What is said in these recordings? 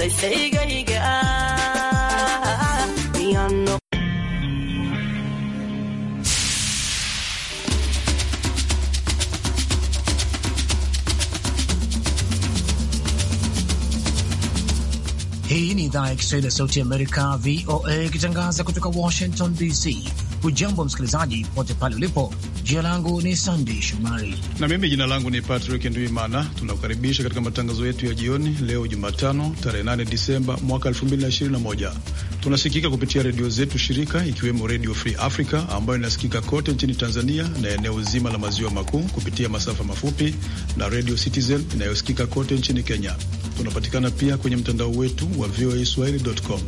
Ah, ah, ah, Hii ni idhaa ya Kiswahili ya Sauti ya Amerika, VOA, ikitangaza kutoka Washington DC. Hujambo msikilizaji popote pale ulipo Jina langu ni Sandey Shomari na mimi jina langu ni Patrick Nduimana. Tunakukaribisha katika matangazo yetu ya jioni leo Jumatano, tarehe 8 Disemba mwaka 2021. Tunasikika kupitia redio zetu shirika ikiwemo Redio Free Africa ambayo inasikika kote nchini Tanzania na eneo zima la maziwa makuu kupitia masafa mafupi na Redio Citizen inayosikika kote nchini Kenya. Tunapatikana pia kwenye mtandao wetu wa swahili.com.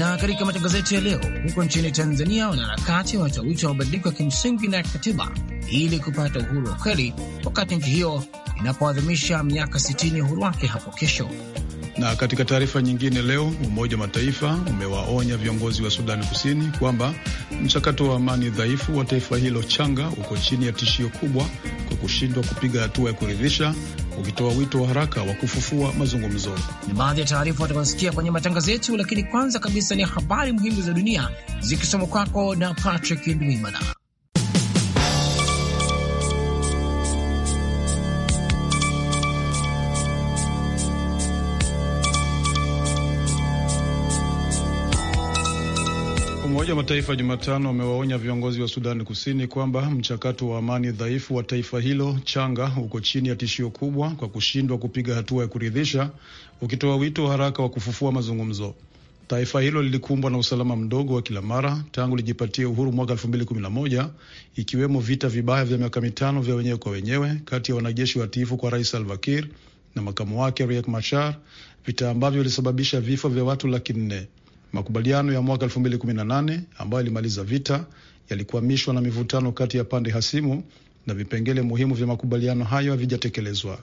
Na katika matangazo yetu ya leo, huko nchini Tanzania, wanaharakati wanatoa wito wa mabadiliko ya kimsingi na ya kikatiba ili kupata uhuru wa kweli, wakati nchi hiyo inapoadhimisha miaka 60 ya uhuru wake hapo kesho. Na katika taarifa nyingine leo, Umoja wa Mataifa umewaonya viongozi wa Sudani Kusini kwamba mchakato wa amani dhaifu wa taifa hilo changa uko chini ya tishio kubwa kwa kushindwa kupiga hatua ya kuridhisha ukitoa wito wa haraka wa kufufua mazungumzo. Ni baadhi ya taarifa watakazosikia kwenye matangazo yetu, lakini kwanza kabisa ni habari muhimu za dunia zikisoma kwako na Patrick Ndwimana. Umoja wa Mataifa Jumatano wamewaonya viongozi wa Sudani Kusini kwamba mchakato wa amani dhaifu wa taifa hilo changa uko chini ya tishio kubwa kwa kushindwa kupiga hatua ya kuridhisha, ukitoa wito haraka wa kufufua mazungumzo. Taifa hilo lilikumbwa na usalama mdogo wa kila mara tangu lijipatia uhuru mwaka 2011 ikiwemo vita vibaya vya miaka mitano vya wenyewe kwa wenyewe kati ya wanajeshi watiifu kwa Rais Salva Kiir na makamu wake Riek Machar, vita ambavyo vilisababisha vifo vya watu laki nne. Makubaliano ya mwaka 2018 ambayo yalimaliza vita yalikwamishwa na mivutano kati ya pande hasimu na vipengele muhimu vya makubaliano hayo havijatekelezwa.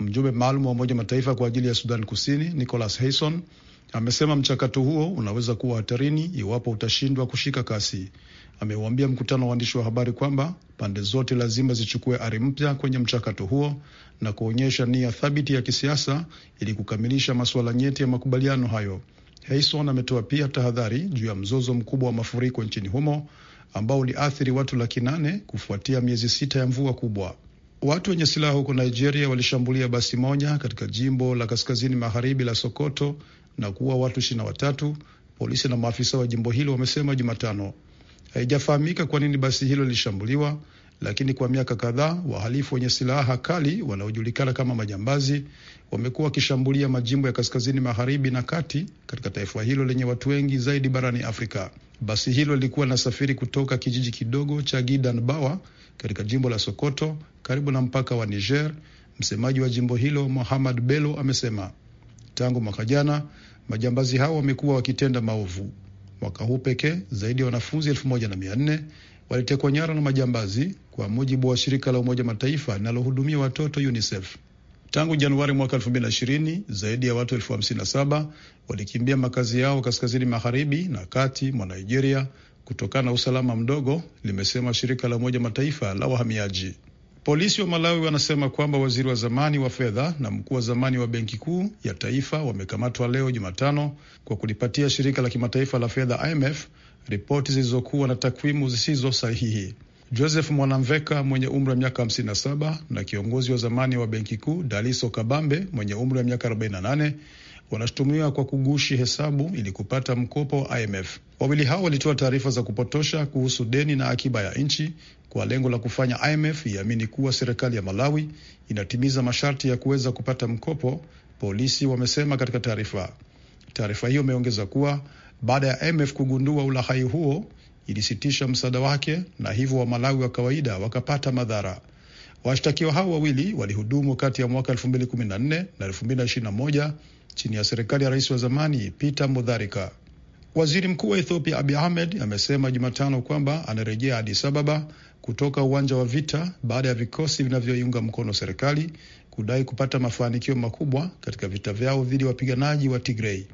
Mjumbe maalum wa Umoja Mataifa kwa ajili ya Sudan Kusini Nicholas Hayson amesema mchakato huo unaweza kuwa hatarini iwapo utashindwa kushika kasi. Ameuambia mkutano wa waandishi wa habari kwamba pande zote lazima zichukue ari mpya kwenye mchakato huo na kuonyesha nia thabiti ya kisiasa ili kukamilisha masuala nyeti ya makubaliano hayo. Heison ametoa pia tahadhari juu ya mzozo mkubwa wa mafuriko nchini humo ambao uliathiri watu laki nane kufuatia miezi sita ya mvua kubwa. Watu wenye silaha huko Nigeria walishambulia basi moja katika jimbo la kaskazini magharibi la Sokoto na kuua watu ishirini na watatu, polisi na maafisa wa jimbo hilo wamesema Jumatano. Haijafahamika kwa nini basi hilo lilishambuliwa lakini kwa miaka kadhaa wahalifu wenye silaha kali wanaojulikana kama majambazi wamekuwa wakishambulia majimbo ya kaskazini magharibi na kati katika taifa hilo lenye watu wengi zaidi barani Afrika. Basi hilo lilikuwa linasafiri kutoka kijiji kidogo cha Gidan Bawa katika jimbo la Sokoto karibu na mpaka wa Niger. Msemaji wa jimbo hilo Mohamad Bello amesema tangu mwaka jana majambazi hao wamekuwa wakitenda maovu. Mwaka huu pekee zaidi ya wanafunzi elfu moja na mia nne walitekwa nyara na majambazi, kwa mujibu wa shirika la Umoja Mataifa linalohudumia watoto UNICEF. Tangu Januari mwaka 2020 zaidi ya watu elfu hamsini na saba walikimbia makazi yao kaskazini magharibi na kati mwa Nigeria kutokana na usalama mdogo, limesema shirika la Umoja Mataifa la wahamiaji. Polisi wa Malawi wanasema kwamba waziri wa zamani wa fedha na mkuu wa zamani wa benki kuu ya taifa wamekamatwa leo Jumatano kwa kulipatia shirika la kimataifa la fedha IMF ripoti zilizokuwa na takwimu zisizo sahihi. Joseph Mwanamveka mwenye umri wa miaka 57 na kiongozi wa zamani wa benki kuu Daliso Kabambe mwenye umri wa miaka 48 wanashutumiwa kwa kugushi hesabu ili kupata mkopo wa IMF. Wawili hao walitoa taarifa za kupotosha kuhusu deni na akiba ya nchi kwa lengo la kufanya IMF iamini kuwa serikali ya Malawi inatimiza masharti ya kuweza kupata mkopo, polisi wamesema katika taarifa. Taarifa hiyo imeongeza kuwa baada ya MF kugundua ulaghai huo, ilisitisha msaada wake na hivyo Wamalawi wa kawaida wakapata madhara. Washtakiwa hao wawili walihudumu kati ya mwaka 2014 na 2021 chini ya serikali ya rais wa zamani Peter Mutharika. Waziri mkuu wa Ethiopia Abiy Ahmed amesema Jumatano kwamba anarejea Addis Ababa kutoka uwanja wa vita baada ya vikosi vinavyoiunga mkono serikali kudai kupata mafanikio makubwa katika vita vyao dhidi ya wapiganaji wa Tigrei.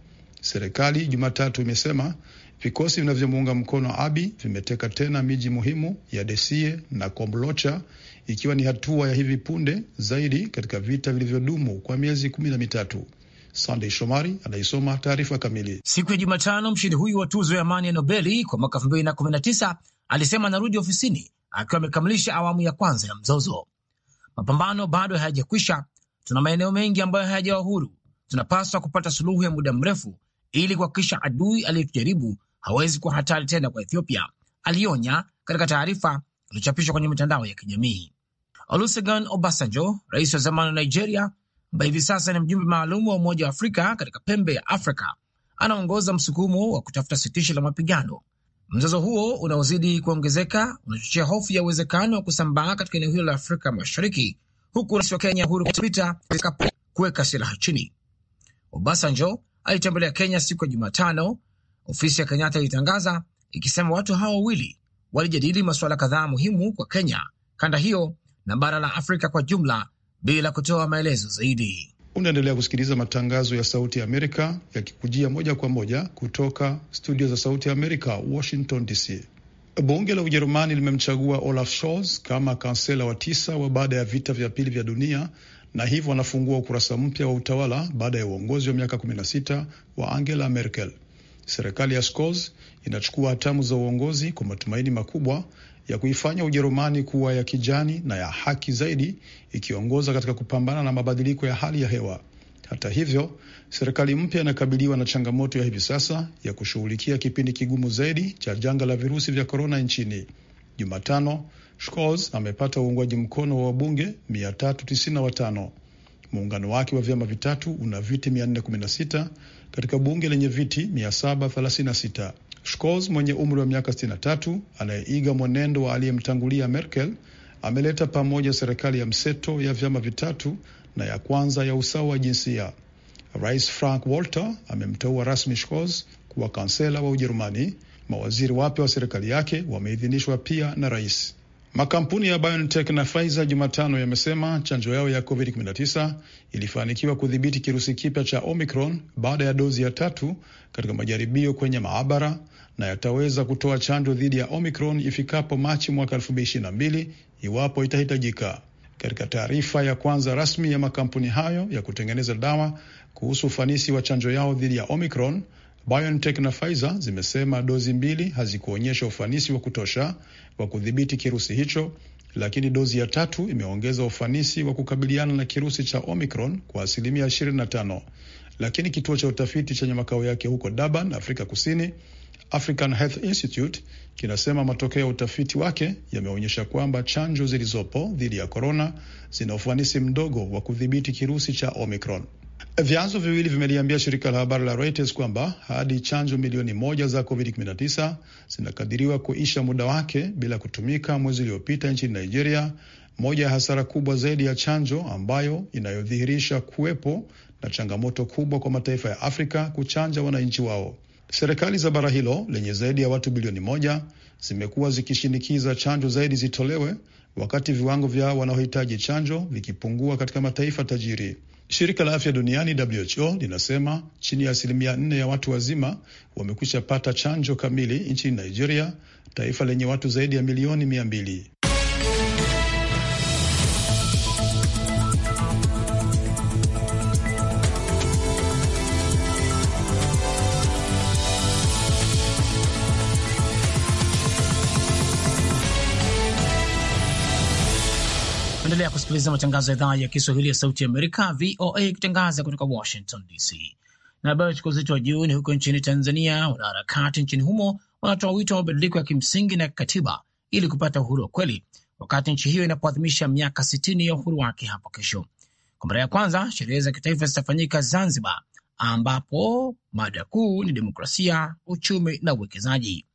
Serikali Jumatatu imesema vikosi vinavyomuunga mkono Abi vimeteka tena miji muhimu ya Desie na Komlocha, ikiwa ni hatua ya hivi punde zaidi katika vita vilivyodumu kwa miezi kumi na mitatu. Sandey Shomari anaisoma taarifa kamili. Siku ya Jumatano, mshindi huyu wa tuzo ya amani ya Nobeli kwa mwaka elfu mbili na kumi na tisa alisema anarudi ofisini akiwa amekamilisha awamu ya kwanza ya mzozo. Mapambano bado hayajakwisha, tuna maeneo mengi ambayo hayajawa huru, tunapaswa kupata suluhu ya muda mrefu ili kuhakikisha adui aliyetujaribu hawezi kuwa hatari tena kwa Ethiopia, alionya katika taarifa iliyochapishwa kwenye mitandao ya kijamii. Olusegun Obasanjo, rais wa zamani wa Nigeria ambaye hivi sasa ni mjumbe maalum wa Umoja wa Afrika katika pembe ya Afrika, anaongoza msukumo wa kutafuta sitisho la mapigano. Mzozo huo unaozidi kuongezeka unachochea hofu ya uwezekano wa kusambaa katika eneo hilo la Afrika Mashariki, huku rais wa Kenya Uhuru Kenyatta kuweka silaha chini. Obasanjo alitembelea Kenya siku ya Jumatano, ofisi ya Kenyatta ilitangaza ikisema watu hao wawili walijadili masuala kadhaa muhimu kwa Kenya, kanda hiyo na bara la Afrika kwa jumla, bila kutoa maelezo zaidi. Unaendelea kusikiliza matangazo ya Sauti ya Amerika yakikujia moja kwa moja kutoka studio za Sauti ya Amerika, Washington DC. Bunge la Ujerumani limemchagua Olaf Scholz kama kansela wa tisa wa baada ya vita vya pili vya dunia na hivyo anafungua ukurasa mpya wa utawala baada ya uongozi wa miaka 16 wa Angela Merkel. Serikali ya Scholz inachukua hatamu za uongozi kwa matumaini makubwa ya kuifanya Ujerumani kuwa ya kijani na ya haki zaidi, ikiongoza katika kupambana na mabadiliko ya hali ya hewa. Hata hivyo, serikali mpya inakabiliwa na changamoto ya hivi sasa ya kushughulikia kipindi kigumu zaidi cha janga la virusi vya korona nchini. Jumatano, Scholz amepata uungwaji mkono wa wabunge 395. Muungano wake wa vyama vitatu una viti 416 katika bunge lenye viti 736. Scholz mwenye umri wa miaka 63 anayeiga mwenendo wa aliyemtangulia Merkel ameleta pamoja serikali ya mseto ya vyama vitatu na ya kwanza ya usawa wa jinsia. Rais Frank Walter amemteua rasmi Scholz kuwa kansela wa Ujerumani Mawaziri wapya wa serikali yake wameidhinishwa pia na rais. Makampuni ya BioNTech na Pfizer Jumatano yamesema chanjo yao ya COVID-19 ilifanikiwa kudhibiti kirusi kipya cha Omicron baada ya dozi ya tatu katika majaribio kwenye maabara na yataweza kutoa chanjo dhidi ya Omicron ifikapo Machi mwaka 2022 iwapo itahitajika. Katika taarifa ya kwanza rasmi ya makampuni hayo ya kutengeneza dawa kuhusu ufanisi wa chanjo yao dhidi ya Omicron, BioNTech na Pfizer zimesema dozi mbili hazikuonyesha ufanisi wa kutosha wa kudhibiti kirusi hicho, lakini dozi ya tatu imeongeza ufanisi wa kukabiliana na kirusi cha Omicron kwa asilimia 25. Lakini kituo cha utafiti chenye makao yake huko Durban, Afrika Kusini, African Health Institute kinasema matokeo ya utafiti wake yameonyesha kwamba chanjo zilizopo dhidi ya korona zina ufanisi mdogo wa kudhibiti kirusi cha Omicron. Vyanzo viwili vimeliambia shirika la habari la Reuters kwamba hadi chanjo milioni moja za COVID-19 zinakadiriwa kuisha muda wake bila kutumika mwezi uliopita nchini Nigeria, moja ya hasara kubwa zaidi ya chanjo ambayo inayodhihirisha kuwepo na changamoto kubwa kwa mataifa ya Afrika kuchanja wananchi wao. Serikali za bara hilo lenye zaidi ya watu bilioni moja zimekuwa zikishinikiza chanjo zaidi zitolewe, wakati viwango vya wanaohitaji chanjo vikipungua katika mataifa tajiri. Shirika la afya duniani WHO linasema chini ya asilimia nne ya watu wazima wamekwisha pata chanjo kamili nchini Nigeria, taifa lenye watu zaidi ya milioni mia mbili. Naendelea kusikiliza matangazo ya idhaa ya Kiswahili ya Sauti Amerika, VOA, ikitangaza kutoka Washington DC. Na habari ya chukuzi wa juu ni huko nchini Tanzania. Wanaharakati nchini humo wanatoa wito wa mabadiliko ya kimsingi na kikatiba ili kupata uhuru wa kweli, wakati nchi hiyo inapoadhimisha miaka 60 ya uhuru wake hapo kesho. Kwa mara ya kwanza sherehe za kitaifa zitafanyika Zanzibar, ambapo mada kuu ni demokrasia, uchumi na uwekezaji.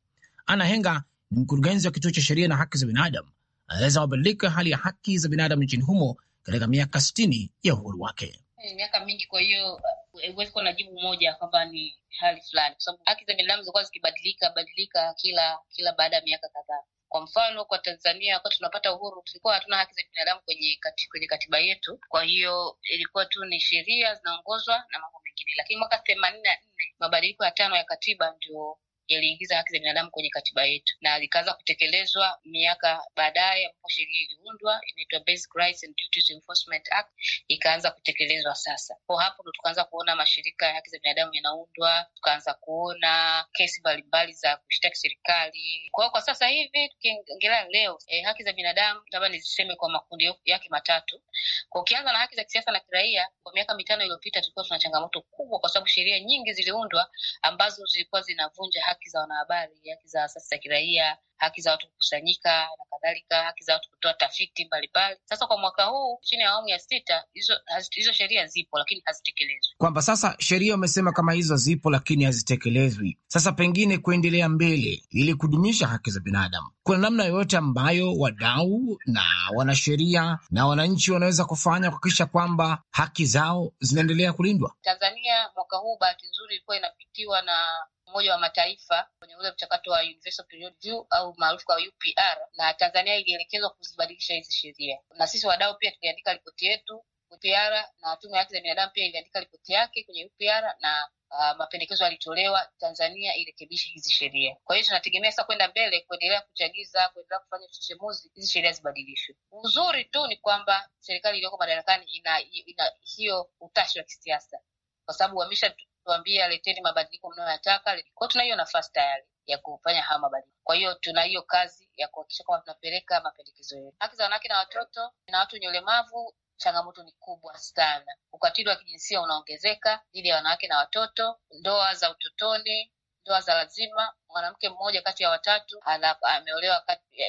Ana Henga ni mkurugenzi wa kituo cha sheria na haki za binadamu anaeleza mabadiliko ya hali ya haki za binadamu nchini humo katika miaka sitini ya uhuru wake. miaka mingi, kwa hiyo uh, huwezi kuwa na jibu moja kwamba ni hali fulani, kwa sababu haki za binadamu zilikuwa zikibadilika badilika kila kila baada ya miaka kadhaa. Kwa mfano kwa Tanzania, kwa tunapata uhuru tulikuwa hatuna haki za binadamu kwenye, kati, kwenye katiba yetu. Kwa hiyo ilikuwa tu ni sheria zinaongozwa na mambo mengine, lakini mwaka themanini na nne mabadiliko ya tano ya katiba ndio yaliingiza haki za binadamu kwenye katiba yetu na zikaanza kutekelezwa miaka baadaye, ambapo sheria iliundwa inaitwa Basic Rights and Duties Enforcement Act, ikaanza kutekelezwa sasa. Kwa hapo ndo tukaanza kuona mashirika ya haki za binadamu yanaundwa, tukaanza kuona kesi mbalimbali za kushtaki serikali. Kwa hiyo kwa sasa hivi tukiongelea leo e, haki za binadamu labda niziseme kwa makundi yake matatu. Kwa ukianza na haki za kisiasa na kiraia, kwa miaka mitano iliyopita tulikuwa tuna changamoto kubwa, kwa sababu sheria nyingi ziliundwa ambazo zilikuwa zinavunja haki haki za wanahabari, haki za asasi za kiraia, haki za watu kukusanyika na kadhalika, haki za watu kutoa tafiti mbalimbali. Sasa kwa mwaka huu chini ya awamu ya sita hizo, hizo sheria zipo lakini hazitekelezwi, kwamba sasa sheria wamesema kama hizo zipo lakini hazitekelezwi. Sasa pengine kuendelea mbele, ili kudumisha haki za binadamu, kuna namna yoyote ambayo wadau na wanasheria na wananchi wanaweza kufanya kuhakikisha kwamba haki zao zinaendelea kulindwa? Tanzania mwaka huu bahati nzuri ilikuwa inapitiwa na Umoja wa Mataifa kwenye ule mchakato wa Universal Periodic Review au maarufu kwa UPR, na Tanzania ilielekezwa kuzibadilisha hizi sheria, na sisi wadau pia tuliandika ripoti yetu UPR, na tume ya haki za binadamu pia iliandika ripoti yake kwenye UPR na Uh, mapendekezo yalitolewa Tanzania irekebishe hizi sheria. Kwa hiyo tunategemea sasa kwenda mbele, kuendelea kuchagiza, kuendelea kufanya uchechemuzi, hizi sheria zibadilishwe. Uzuri tu ni kwamba serikali iliyoko madarakani ina, ina hiyo utashi wa kisiasa, kwa sababu wamesha kutuambia leteni mabadiliko mnayoyataka. Kwa tuna hiyo nafasi tayari ya kufanya haya mabadiliko. Kwa hiyo tuna hiyo kazi ya kuhakikisha kwamba tunapeleka mapendekezo yetu. Haki za wanawake na watoto na watu wenye ulemavu Changamoto ni kubwa sana. Ukatili wa kijinsia unaongezeka dhidi ya wanawake na watoto, ndoa za utotoni, ndoa za lazima. Mwanamke mmoja kati ya watatu ameolewa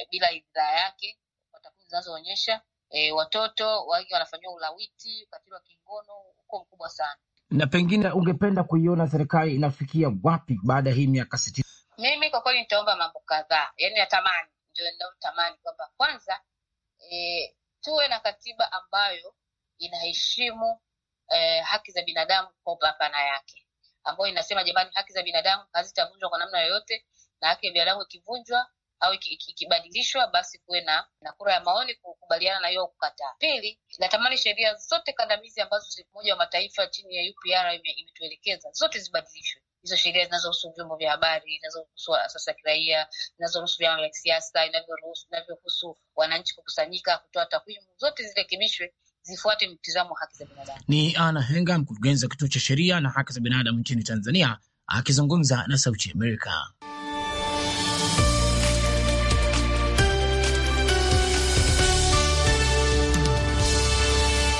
bila idhaa yake, kwa takwimu zinazoonyesha. E, watoto wengi wanafanyiwa ulawiti. Ukatili wa kingono uko mkubwa sana na pengine ungependa kuiona serikali inafikia wapi baada ya hii miaka sitini? Mimi kwa kweli nitaomba mambo kadhaa, yani natamani, ndio ninaotamani kwamba kwanza e, tuwe na katiba ambayo inaheshimu e, haki za binadamu kwa upambana yake, ambayo inasema jamani, haki za binadamu hazitavunjwa kwa namna yoyote, na haki ya binadamu ikivunjwa au ikibadilishwa basi kuwe na, na kura ya maoni kukubaliana na hiyo kukataa. Pili, natamani sheria zote kandamizi ambazo Umoja wa Mataifa chini ya UPR imetuelekeza zote zibadilishwe hizo sheria zinazohusu vyombo vya habari, zinazohusu asasi ya kiraia, zinazohusu vyama vya kisiasa, inavyohusu wananchi kukusanyika, kutoa takwimu, zote zirekebishwe zifuate mtizamo wa haki za binadamu. Ni Ana Henga, mkurugenzi wa kituo cha sheria na haki za binadamu nchini Tanzania, akizungumza na Sauti Amerika.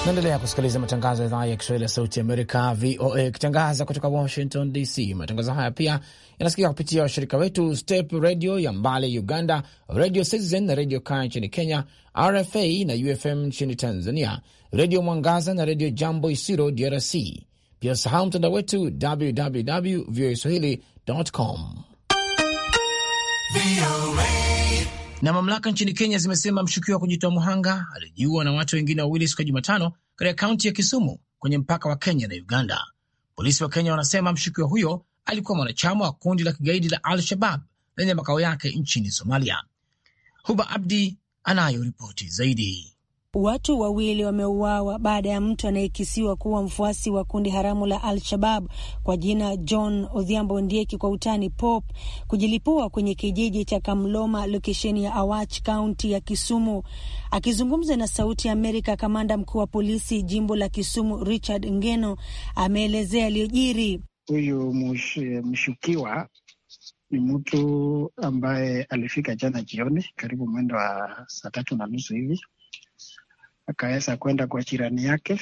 Naendelea kusikiliza matangazo ya idhaa ya Kiswahili ya Sauti Amerika, VOA, ikitangaza kutoka Washington DC. Matangazo haya pia yanasikika kupitia washirika wetu Step Redio ya Mbale Uganda, Radio Citizen na Redio Kaya nchini Kenya, RFA na UFM nchini Tanzania, Redio Mwangaza na Redio Jambo Isiro DRC. Pia sahau mtandao wetu www voa swahili com. Na mamlaka nchini Kenya zimesema mshukiwa wa kujitoa muhanga alijiua na watu wengine wawili siku ya Jumatano katika kaunti ya Kisumu kwenye mpaka wa Kenya na Uganda. Polisi wa Kenya wanasema mshukiwa huyo alikuwa mwanachama wa kundi la kigaidi la Al-Shabab lenye makao yake nchini Somalia. Huba Abdi anayo ripoti zaidi. Watu wawili wameuawa baada ya mtu anayekisiwa kuwa mfuasi wa kundi haramu la Al-Shabab kwa jina John Odhiambo Ndieki kwa utani Pop kujilipua kwenye kijiji cha Kamloma, lokesheni ya Awach, kaunti ya Kisumu. Akizungumza na Sauti ya Amerika, kamanda mkuu wa polisi jimbo la Kisumu Richard Ngeno ameelezea yaliyojiri. Huyu mshukiwa ni mtu ambaye alifika jana jioni karibu mwendo wa saa tatu na nusu hivi akaweza kwenda kwa jirani yake,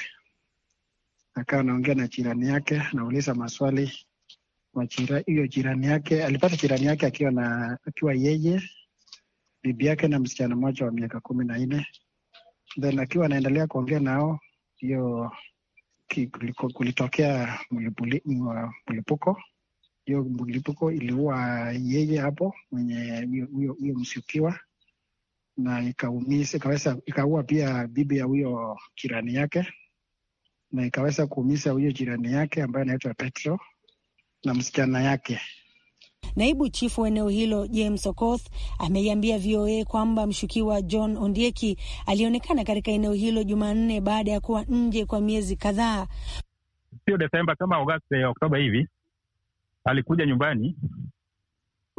akawa anaongea na jirani yake, anauliza maswali wa hiyo jirani yake. Alipata jirani yake akiwa na akiwa yeye bibi yake na msichana mmoja wa miaka kumi na nne. Then akiwa anaendelea kuongea nao, hiyo kulitokea mlipuko. Hiyo mlipuko iliua yeye hapo mwenye huyo msukiwa na ikaumiza, ikaweza ikaua pia bibi ya huyo jirani yake, na ikaweza kuumiza huyo jirani yake ambaye anaitwa Petro na msichana yake. Naibu chifu wa eneo hilo James Okoth ameiambia VOA kwamba mshukiwa John Ondieki alionekana katika eneo hilo Jumanne baada ya kuwa nje kwa miezi kadhaa, sio Desemba kama Agosti, eh, Oktoba hivi alikuja nyumbani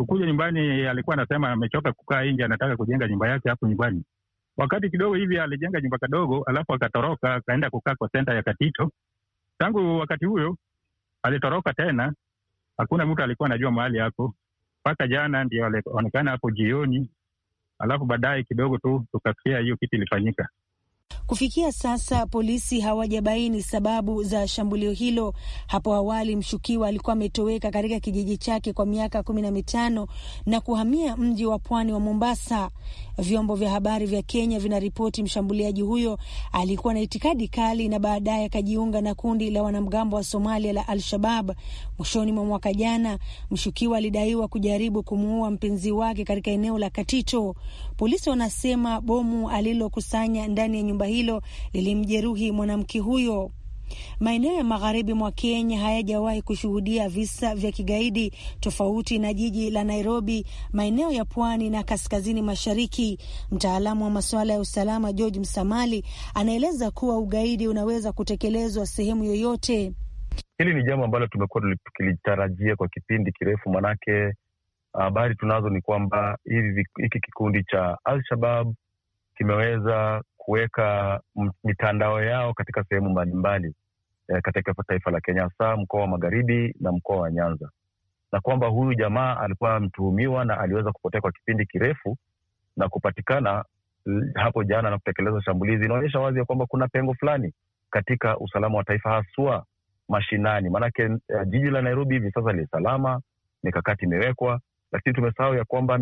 ukuja nyumbani, alikuwa anasema amechoka kukaa nje, anataka kujenga nyumba yake hapo nyumbani. Wakati kidogo hivi alijenga nyumba kadogo, alafu akatoroka akaenda kukaa kwa senta ya Katito. Tangu wakati huyo alitoroka tena, hakuna mtu alikuwa anajua mahali yako mpaka jana ndio alionekana hapo jioni, alafu baadaye kidogo tu tukasikia hiyo kitu ilifanyika. Kufikia sasa polisi hawajabaini sababu za shambulio hilo. Hapo awali mshukiwa alikuwa ametoweka katika kijiji chake kwa miaka kumi na mitano na kuhamia mji wa pwani wa Mombasa. Vyombo vya habari vya Kenya vinaripoti mshambuliaji huyo alikuwa na itikadi kali na baadaye akajiunga na kundi la wanamgambo wa Somalia la Al-Shabab. Mwishoni mwa mwaka jana, mshukiwa alidaiwa kujaribu kumuua mpenzi wake katika eneo la Katito. Polisi wanasema bomu alilokusanya ndani ya nyumba hilo lilimjeruhi mwanamke huyo. Maeneo ya magharibi mwa Kenya hayajawahi kushuhudia visa vya kigaidi, tofauti na jiji la Nairobi, maeneo ya pwani na kaskazini mashariki. Mtaalamu wa masuala ya usalama George Msamali anaeleza kuwa ugaidi unaweza kutekelezwa sehemu yoyote. Hili ni jambo ambalo tumekuwa tukilitarajia kwa kipindi kirefu, manake habari tunazo ni kwamba hiki kikundi cha alshabab kimeweza kuweka mitandao yao katika sehemu mbalimbali e, katika taifa la Kenya, hasa mkoa wa Magharibi na mkoa wa Nyanza, na kwamba huyu jamaa alikuwa mtuhumiwa na aliweza kupotea kwa kipindi kirefu na kupatikana hapo jana na kutekeleza shambulizi. Inaonyesha wazi ya kwamba kuna pengo fulani katika usalama wa taifa, haswa mashinani, maanake uh, jiji la Nairobi hivi sasa li salama, mikakati imewekwa lakini tumesahau ya kwamba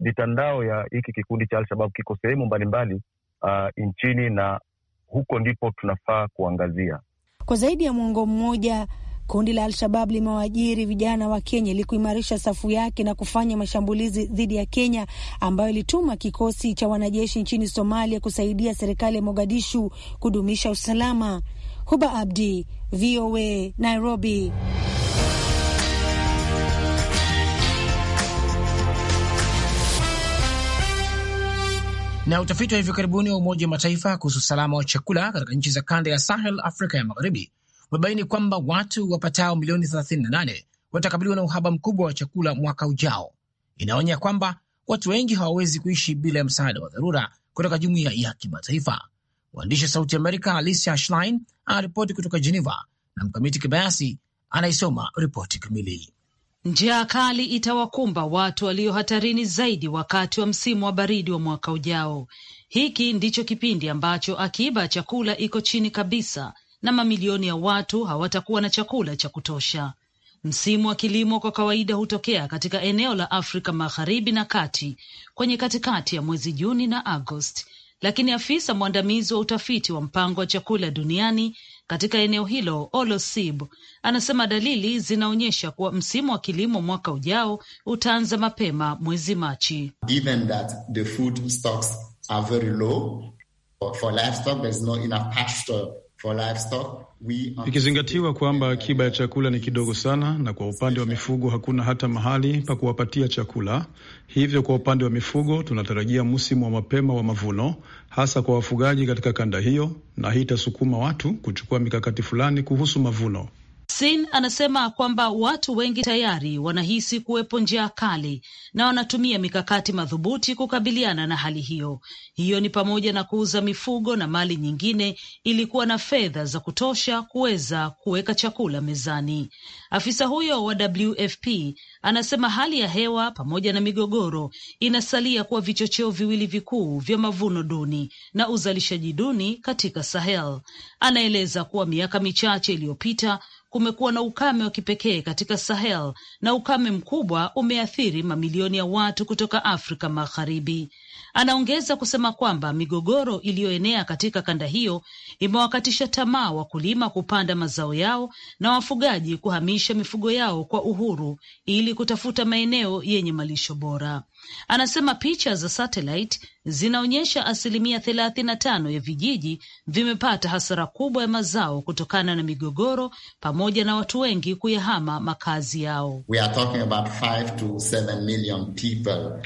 mitandao ya hiki kikundi cha Alshabab kiko sehemu mbalimbali uh, nchini na huko ndipo tunafaa kuangazia. Kwa zaidi ya mwongo mmoja, kundi la Al-Shabab limewaajiri vijana wa Kenya ili kuimarisha safu yake na kufanya mashambulizi dhidi ya Kenya, ambayo ilituma kikosi cha wanajeshi nchini Somalia kusaidia serikali ya Mogadishu kudumisha usalama. Huba Abdi, VOA, Nairobi. Na utafiti wa hivi karibuni wa Umoja wa Mataifa kuhusu usalama wa chakula katika nchi za kanda ya Sahel, Afrika ya Magharibi, umebaini kwamba watu wapatao milioni 38 watakabiliwa na uhaba mkubwa wa chakula mwaka ujao. Inaonya kwamba watu wengi hawawezi kuishi bila ya msaada wa dharura kutoka jumuiya ya kimataifa. Mwandishi wa Sauti Amerika Alicia Schlein anaripoti kutoka Geneva na Mkamiti Kibayasi anaisoma ripoti kamili. Njaa kali itawakumba watu walio hatarini zaidi wakati wa msimu wa baridi wa mwaka ujao. Hiki ndicho kipindi ambacho akiba ya chakula iko chini kabisa na mamilioni ya watu hawatakuwa na chakula cha kutosha. Msimu wa kilimo kwa kawaida hutokea katika eneo la Afrika Magharibi na Kati kwenye katikati ya mwezi Juni na Agosti, lakini afisa mwandamizi wa utafiti wa mpango wa chakula duniani katika eneo hilo. Olosib anasema dalili zinaonyesha kuwa msimu wa kilimo mwaka ujao utaanza mapema mwezi Machi. Given that the food stocks are very low, for livestock, there's enough pasture Ikizingatiwa kwamba akiba ya chakula ni kidogo sana, na kwa upande wa mifugo hakuna hata mahali pa kuwapatia chakula. Hivyo kwa upande wa mifugo tunatarajia msimu wa mapema wa mavuno, hasa kwa wafugaji katika kanda hiyo, na hii itasukuma watu kuchukua mikakati fulani kuhusu mavuno. Sin anasema kwamba watu wengi tayari wanahisi kuwepo njia kali na wanatumia mikakati madhubuti kukabiliana na hali hiyo. Hiyo ni pamoja na kuuza mifugo na mali nyingine ili kuwa na fedha za kutosha kuweza kuweka chakula mezani. Afisa huyo wa WFP anasema hali ya hewa pamoja na migogoro inasalia kuwa vichocheo viwili vikuu vya mavuno duni na uzalishaji duni katika Sahel. Anaeleza kuwa miaka michache iliyopita kumekuwa na ukame wa kipekee katika Sahel na ukame mkubwa umeathiri mamilioni ya watu kutoka Afrika Magharibi. Anaongeza kusema kwamba migogoro iliyoenea katika kanda hiyo imewakatisha tamaa wakulima kupanda mazao yao na wafugaji kuhamisha mifugo yao kwa uhuru ili kutafuta maeneo yenye malisho bora. Anasema picha za satellite zinaonyesha asilimia thelathini na tano ya vijiji vimepata hasara kubwa ya mazao kutokana na migogoro pamoja na watu wengi kuyahama makazi yao. Uh,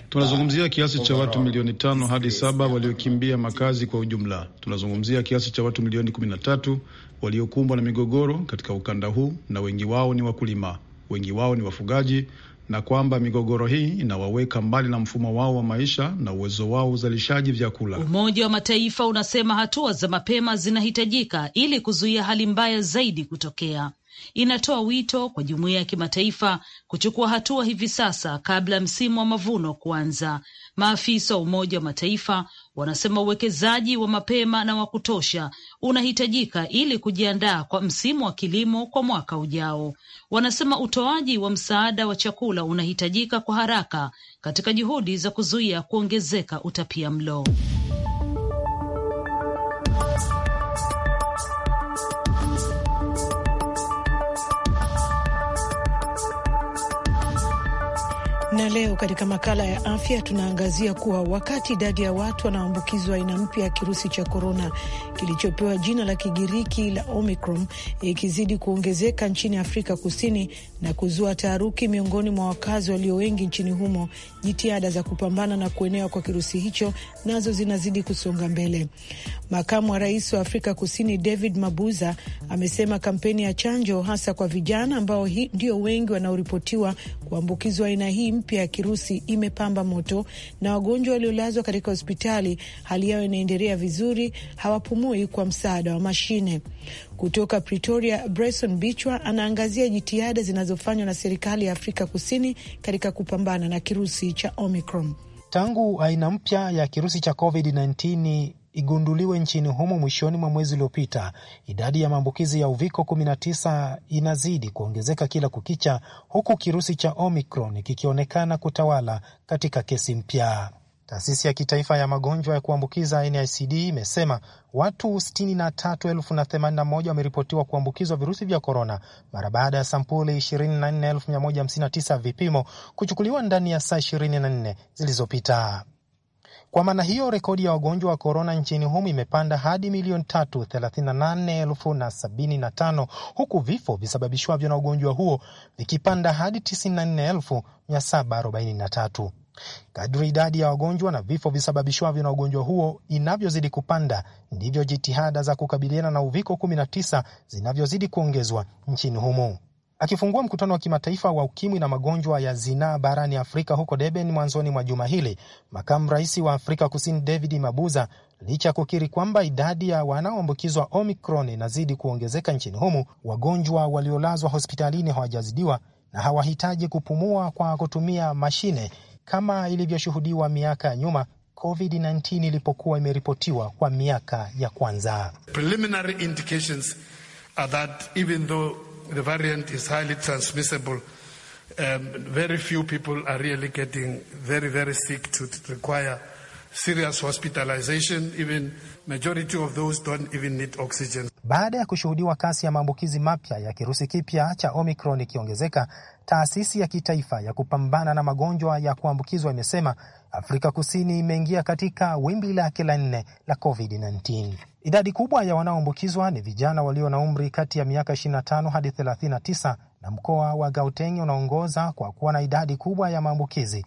Tunazungumzia kiasi cha watu milioni milioni tano hadi saba waliokimbia makazi kwa ujumla. Tunazungumzia kiasi cha watu milioni kumi na tatu waliokumbwa na migogoro katika ukanda huu, na wengi wao ni wakulima, wengi wao ni wafugaji, na kwamba migogoro hii inawaweka mbali na mfumo wao wa maisha na uwezo wao uzalishaji vyakula. Umoja wa Mataifa unasema hatua za mapema zinahitajika ili kuzuia hali mbaya zaidi kutokea. Inatoa wito kwa jumuiya ya kimataifa kuchukua hatua hivi sasa kabla ya msimu wa mavuno kuanza Maafisa wa Umoja wa Mataifa wanasema uwekezaji wa mapema na wa kutosha unahitajika ili kujiandaa kwa msimu wa kilimo kwa mwaka ujao. Wanasema utoaji wa msaada wa chakula unahitajika kwa haraka katika juhudi za kuzuia kuongezeka utapia mlo. Na leo katika makala ya afya tunaangazia kuwa wakati idadi ya watu wanaoambukizwa aina mpya ya kirusi cha korona kilichopewa jina la Kigiriki la Omicron ikizidi kuongezeka nchini Afrika Kusini na kuzua taharuki miongoni mwa wakazi walio wengi nchini humo, jitihada za kupambana na kuenewa kwa kirusi hicho nazo zinazidi kusonga mbele. Makamu wa rais wa Afrika Kusini David Mabuza amesema kampeni ya chanjo hasa kwa vijana ambao ndio wengi wanaoripotiwa kuambukizwa aina hii mpya mpya ya kirusi imepamba moto na wagonjwa waliolazwa katika hospitali hali yao inaendelea vizuri, hawapumui kwa msaada wa mashine. Kutoka Pretoria, Breson Bichwa anaangazia jitihada zinazofanywa na serikali ya Afrika Kusini katika kupambana na kirusi cha Omicron. Tangu aina mpya ya kirusi cha COVID-19 igunduliwe nchini humo mwishoni mwa mwezi uliopita, idadi ya maambukizi ya uviko 19 inazidi kuongezeka kila kukicha, huku kirusi cha Omicron kikionekana kutawala katika kesi mpya. Taasisi ya kitaifa ya magonjwa ya kuambukiza NICD imesema watu 63,081 wameripotiwa kuambukizwa virusi vya korona mara baada ya sampuli 24,159 vipimo kuchukuliwa ndani ya saa 24 zilizopita. Kwa maana hiyo, rekodi ya wagonjwa wa korona nchini humo imepanda hadi milioni tano huku vifo visababishwavyo na ugonjwa huo vikipanda hadi tatu. Kadri idadi ya wagonjwa na vifo visababishwavyo na ugonjwa huo inavyozidi kupanda ndivyo jitihada za kukabiliana na uviko 19 zinavyozidi kuongezwa nchini humo. Akifungua mkutano wa kimataifa wa ukimwi na magonjwa ya zinaa barani Afrika huko Deben mwanzoni mwa juma hili, makamu rais wa Afrika Kusini David Mabuza, licha ya kukiri kwamba idadi ya wanaoambukizwa Omicron inazidi kuongezeka nchini humu, wagonjwa waliolazwa hospitalini hawajazidiwa na hawahitaji kupumua kwa kutumia mashine kama ilivyoshuhudiwa miaka ya nyuma COVID-19 ilipokuwa imeripotiwa kwa miaka ya kwanza. Preliminary indications are that even though the variant is highly transmissible. Um, very few people are really getting very, very sick to, to require serious hospitalization. Even majority of those don't even need oxygen. Baada ya kushuhudiwa kasi ya maambukizi mapya ya kirusi kipya cha Omicron ikiongezeka, taasisi ya kitaifa ya kupambana na magonjwa ya kuambukizwa imesema Afrika Kusini imeingia katika wimbi lake la nne la COVID-19. Idadi kubwa ya wanaoambukizwa ni vijana walio na umri kati ya miaka 25 hadi 39 na mkoa wa Gauteng unaongoza kwa kuwa na idadi kubwa ya maambukizi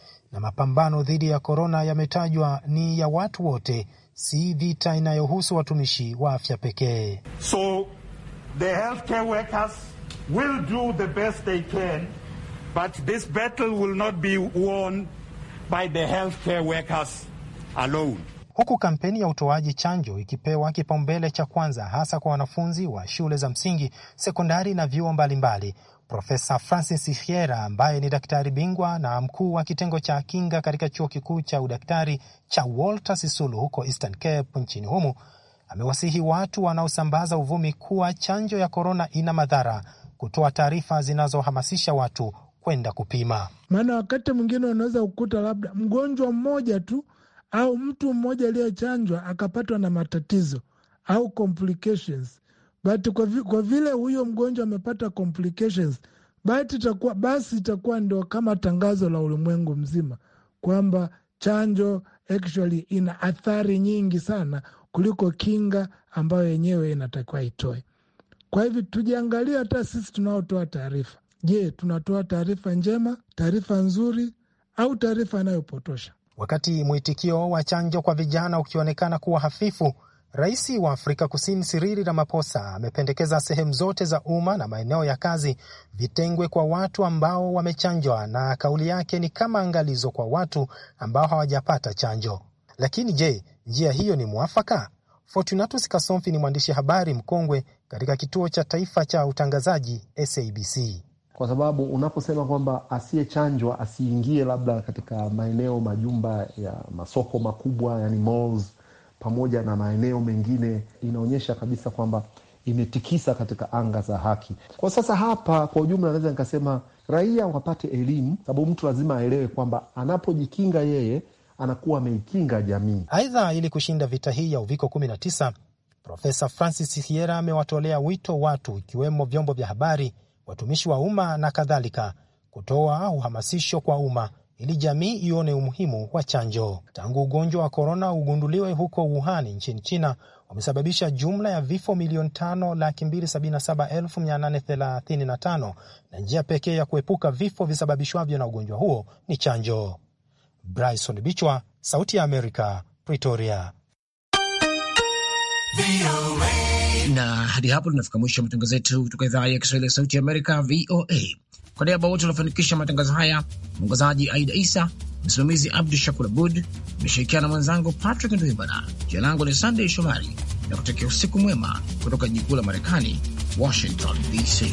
na mapambano dhidi ya korona yametajwa ni ya watu wote, si vita inayohusu watumishi wa afya pekee. So the healthcare workers will do the best they can, but this battle will not be won by the healthcare workers alone. Huku kampeni ya utoaji chanjo ikipewa kipaumbele cha kwanza hasa kwa wanafunzi wa shule za msingi, sekondari na vyuo mbalimbali, Profesa Francis Hiera ambaye ni daktari bingwa na mkuu wa kitengo cha kinga katika chuo kikuu cha udaktari cha Walter Sisulu huko Eastern Cape nchini humu amewasihi watu wanaosambaza uvumi kuwa chanjo ya korona ina madhara, kutoa taarifa zinazohamasisha watu kwenda kupima. Maana wakati mwingine unaweza kukuta labda mgonjwa mmoja tu au mtu mmoja aliyechanjwa akapatwa na matatizo au complications but kwa, vi, kwa vile huyo mgonjwa amepata complications basi itakuwa, basi itakuwa ndio kama tangazo la ulimwengu mzima kwamba chanjo actually ina athari nyingi sana kuliko kinga ambayo yenyewe inatakiwa itoe. Kwa hivyo tujiangalie hata sisi tunaotoa taarifa. Je, tunatoa taarifa njema, taarifa nzuri au taarifa inayopotosha? Wakati mwitikio wa chanjo kwa vijana ukionekana kuwa hafifu, Rais wa Afrika Kusini Cyril Ramaphosa amependekeza sehemu zote za umma na maeneo ya kazi vitengwe kwa watu ambao wamechanjwa, na kauli yake ni kama angalizo kwa watu ambao hawajapata chanjo. Lakini je, njia hiyo ni mwafaka? Fortunatus Kasomfi ni mwandishi habari mkongwe katika kituo cha taifa cha utangazaji SABC. Kwa sababu unaposema kwamba asiyechanjwa asiingie labda katika maeneo majumba ya masoko makubwa, yani malls pamoja na maeneo mengine, inaonyesha kabisa kwamba imetikisa katika anga za haki. Kwa sasa hapa, kwa ujumla, naweza nikasema raia wapate elimu, sababu mtu lazima aelewe kwamba anapojikinga yeye anakuwa ameikinga jamii. Aidha, ili kushinda vita hii ya uviko 19, Profesa Francis Hiera amewatolea wito watu, ikiwemo vyombo vya habari, watumishi wa umma na kadhalika, kutoa uhamasisho kwa umma ili jamii ione umuhimu wa chanjo. Tangu ugonjwa wa korona ugunduliwe huko Wuhan nchini China, wamesababisha jumla ya vifo milioni tano laki mbili sabini na saba elfu mia nane thelathini na tano na njia pekee ya kuepuka vifo visababishwavyo na ugonjwa huo ni chanjo. Bryson Bichwa, Sauti ya Amerika, Pretoria. Na hadi hapo tunafika mwisho wa matangazo yetu kutoka idhaa ya Kiswahili ya Sauti ya Amerika, VOA. Kwa niaba wote wanafanikisha matangazo haya, mwongozaji Aida Isa, msimamizi Abdu Shakur Abud, imeshirikiana na mwenzangu Patrick Ndwibana. Jina langu ni Sandey Shomari na kutakia usiku mwema kutoka jiji kuu la Marekani, Washington DC.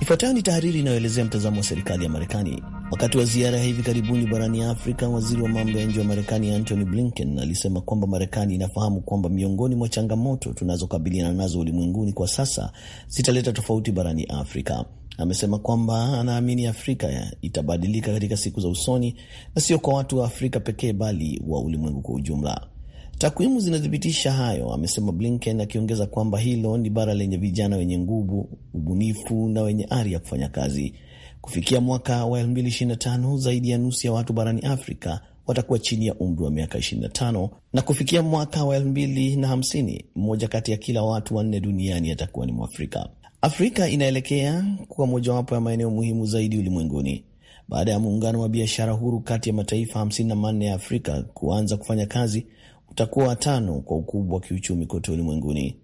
Ifuatayo ni tahariri inayoelezea mtazamo wa serikali ya Marekani. Wakati wa ziara ya hivi karibuni barani Afrika, waziri wa mambo ya nje wa Marekani Antony Blinken alisema kwamba Marekani inafahamu kwamba miongoni mwa changamoto tunazokabiliana nazo ulimwenguni kwa sasa zitaleta tofauti barani Afrika. Amesema kwamba anaamini Afrika itabadilika katika siku za usoni, na sio kwa watu wa Afrika pekee, bali wa ulimwengu kwa ujumla. Takwimu zinathibitisha hayo, amesema Blinken, akiongeza kwamba hilo ni bara lenye vijana wenye nguvu, ubunifu na wenye ari ya kufanya kazi. Kufikia mwaka wa 2025 zaidi ya nusu ya watu barani Afrika watakuwa chini ya umri wa miaka 25 na kufikia mwaka wa 2050 mmoja kati ya kila watu wanne duniani atakuwa ni Mwafrika. Afrika inaelekea kuwa mojawapo ya maeneo muhimu zaidi ulimwenguni baada ya muungano wa biashara huru kati ya mataifa 54 ya Afrika kuanza kufanya kazi, utakuwa watano kwa ukubwa wa kiuchumi kote ulimwenguni.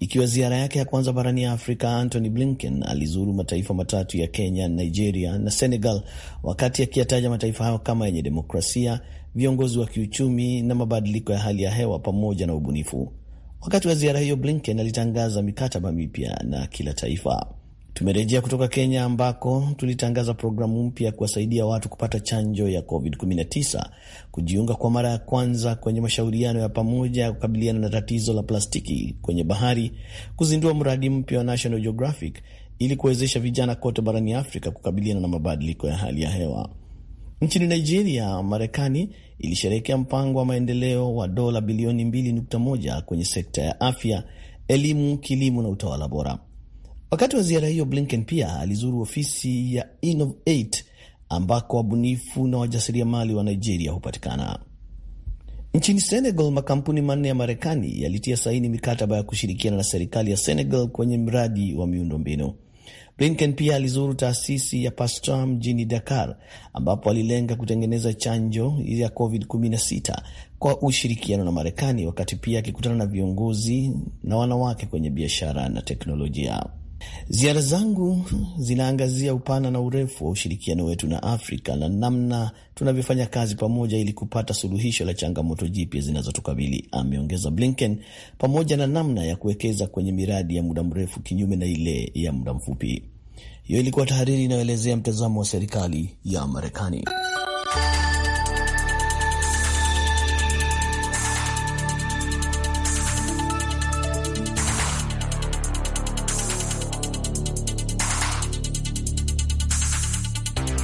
Ikiwa ziara yake ya kwanza barani ya Afrika, Antony Blinken alizuru mataifa matatu ya Kenya, Nigeria na Senegal, wakati akiyataja mataifa hayo kama yenye demokrasia, viongozi wa kiuchumi na mabadiliko ya hali ya hewa pamoja na ubunifu. Wakati wa ziara hiyo, Blinken alitangaza mikataba mipya na kila taifa. Tumerejea kutoka Kenya ambako tulitangaza programu mpya ya kuwasaidia watu kupata chanjo ya COVID-19 kujiunga kwa mara ya kwanza kwenye mashauriano ya pamoja ya kukabiliana na tatizo la plastiki kwenye bahari, kuzindua mradi mpya wa National Geographic ili kuwezesha vijana kote barani Afrika kukabiliana na mabadiliko ya hali ya hewa. Nchini Nigeria, Marekani ilisherehekea mpango wa maendeleo wa dola bilioni 2.1 kwenye sekta ya afya, elimu, kilimo na utawala bora. Wakati wa ziara hiyo, Blinken pia alizuru ofisi ya Inov8 ambako wabunifu na wajasiriamali wa Nigeria hupatikana. Nchini Senegal, makampuni manne ya Marekani yalitia saini mikataba ya kushirikiana na serikali ya Senegal kwenye mradi wa miundombinu. Blinken pia alizuru taasisi ya Pasteur mjini Dakar, ambapo alilenga kutengeneza chanjo ya COVID-19 kwa ushirikiano na Marekani, wakati pia akikutana na viongozi na wanawake kwenye biashara na teknolojia. Ziara zangu zinaangazia upana na urefu wa ushirikiano wetu na Afrika na namna tunavyofanya kazi pamoja ili kupata suluhisho la changamoto jipya zinazotukabili, ameongeza Blinken, pamoja na namna ya kuwekeza kwenye miradi ya muda mrefu kinyume na ile ya muda mfupi. Hiyo ilikuwa tahariri inayoelezea mtazamo wa serikali ya Marekani.